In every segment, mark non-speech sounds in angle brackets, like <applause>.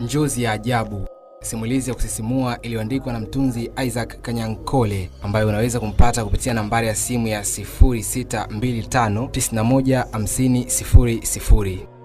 Njozi ya Ajabu, simulizi ya kusisimua iliyoandikwa na mtunzi Isaac Kanyankole, ambayo unaweza kumpata kupitia nambari ya simu ya 0625915000.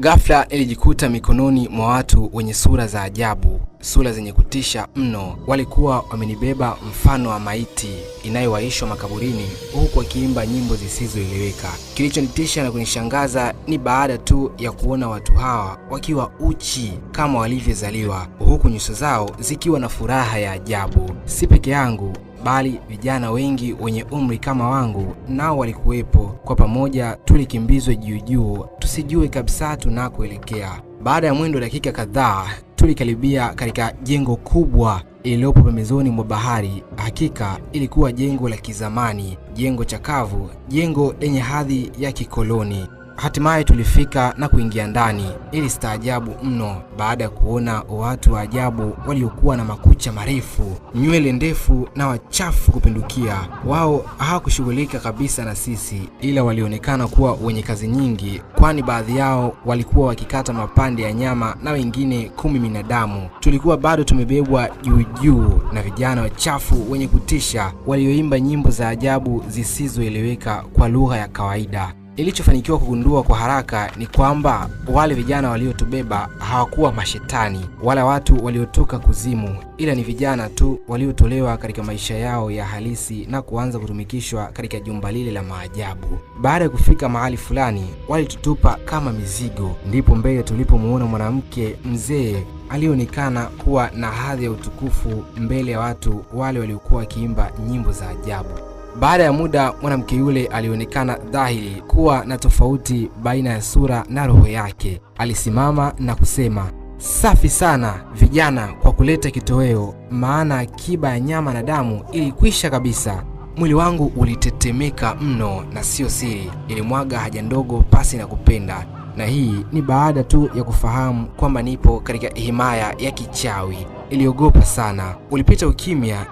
Ghafla nilijikuta mikononi mwa watu wenye sura za ajabu, sura zenye kutisha mno. Walikuwa wamenibeba mfano wa maiti inayowaishwa makaburini, huku wakiimba nyimbo zisizoeleweka. Kilichonitisha na kunishangaza ni baada tu ya kuona watu hawa wakiwa uchi kama walivyozaliwa, huku nyuso zao zikiwa na furaha ya ajabu. Si peke yangu bali vijana wengi wenye umri kama wangu nao walikuwepo. Kwa pamoja tulikimbizwa juujuu, tusijue kabisa tunakoelekea. Baada ya mwendo dakika kadhaa, tulikaribia katika jengo kubwa iliyopo pembezoni mwa bahari. Hakika ilikuwa jengo la kizamani, jengo chakavu, jengo lenye hadhi ya kikoloni. Hatimaye tulifika na kuingia ndani. Nilistaajabu mno baada ya kuona watu wa ajabu waliokuwa na makucha marefu, nywele ndefu na wachafu kupindukia. Wao hawakushughulika kabisa na sisi, ila walionekana kuwa wenye kazi nyingi, kwani baadhi yao walikuwa wakikata mapande ya nyama na wengine kumi minadamu Tulikuwa bado tumebebwa juu juu na vijana wachafu wenye kutisha walioimba nyimbo za ajabu zisizoeleweka kwa lugha ya kawaida. Nilichofanikiwa kugundua kwa haraka ni kwamba wale vijana waliotubeba hawakuwa mashetani wala watu waliotoka kuzimu, ila ni vijana tu waliotolewa katika maisha yao ya halisi na kuanza kutumikishwa katika jumba lile la maajabu. Baada ya kufika mahali fulani, walitutupa kama mizigo. Ndipo mbele tulipomuona mwanamke mzee alionekana kuwa na hadhi ya utukufu mbele ya watu wale waliokuwa wakiimba nyimbo za ajabu. Baada ya muda, mwanamke yule alionekana dhahiri kuwa na tofauti baina ya sura na roho yake. Alisimama na kusema, safi sana vijana kwa kuleta kitoweo, maana akiba ya nyama na damu ilikwisha kabisa. Mwili wangu ulitetemeka mno, na sio siri, ilimwaga haja ndogo pasi na kupenda, na hii ni baada tu ya kufahamu kwamba nipo katika himaya ya kichawi. Iliogopa sana, ulipita ukimya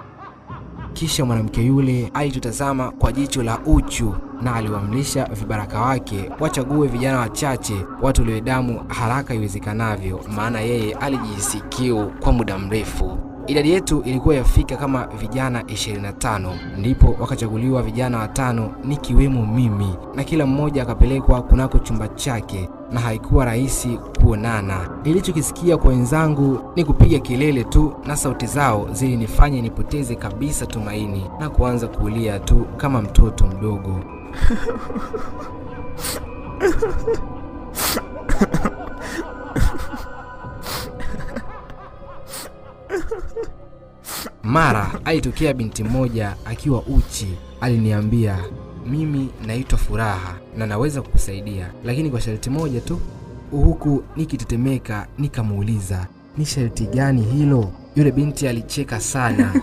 kisha mwanamke yule alitutazama kwa jicho la uchu na aliwamlisha vibaraka wake wachague vijana wachache watolewe damu haraka iwezekanavyo, maana yeye alijisikiu kwa muda mrefu. Idadi yetu ilikuwa yafika kama vijana 25, ndipo wakachaguliwa vijana watano nikiwemo mimi, na kila mmoja akapelekwa kunako chumba chake na haikuwa rahisi kuonana. Nilichokisikia kwa wenzangu ni kupiga kelele tu, na sauti zao zilinifanya nipoteze kabisa tumaini na kuanza kulia tu kama mtoto mdogo. Mara alitokea binti mmoja akiwa uchi, aliniambia mimi naitwa Furaha na naweza kukusaidia, lakini kwa sharti moja tu. Huku nikitetemeka nikamuuliza, ni sharti gani hilo? Yule binti alicheka sana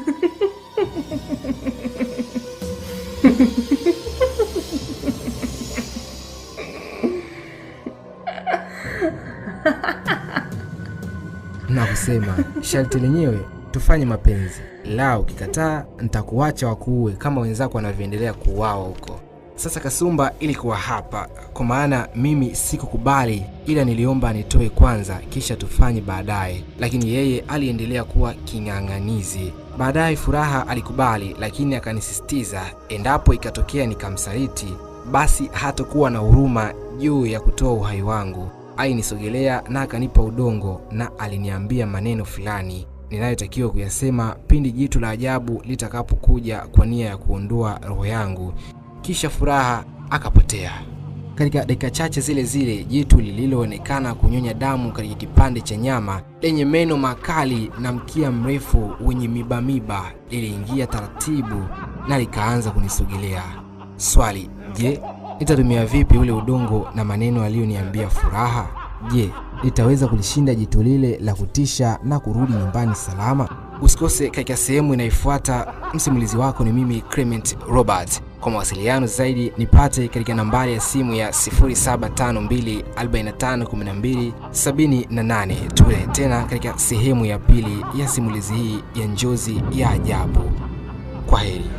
<laughs> na kusema sharti lenyewe tufanye mapenzi, la ukikataa nitakuacha wakuue kama wenzako wanavyoendelea kuuawa huko. Sasa Kasumba ilikuwa hapa, kwa maana mimi sikukubali, ila niliomba nitoe kwanza, kisha tufanye baadaye, lakini yeye aliendelea kuwa king'ang'anizi. Baadaye Furaha alikubali, lakini akanisisitiza endapo ikatokea nikamsaliti, basi hatakuwa na huruma juu ya kutoa uhai wangu. Alinisogelea na akanipa udongo na aliniambia maneno fulani ninayotakiwa kuyasema pindi jitu la ajabu litakapokuja kwa nia ya kuondoa roho yangu. Kisha Furaha akapotea. Katika dakika chache zile zile, jitu lililoonekana kunyonya damu katika kipande cha nyama lenye meno makali na mkia mrefu wenye mibamiba liliingia taratibu na likaanza kunisogelea. Swali: je, nitatumia vipi ule udongo na maneno aliyoniambia Furaha? Je, litaweza kulishinda jito lile la kutisha na kurudi nyumbani salama? Usikose katika sehemu inayofuata. Msimulizi wako ni mimi Clement Robert. Kwa mawasiliano zaidi nipate katika nambari ya simu ya 0752451278. Tukutane tena katika sehemu ya pili ya simulizi hii ya Njozi ya Ajabu. Kwa heri.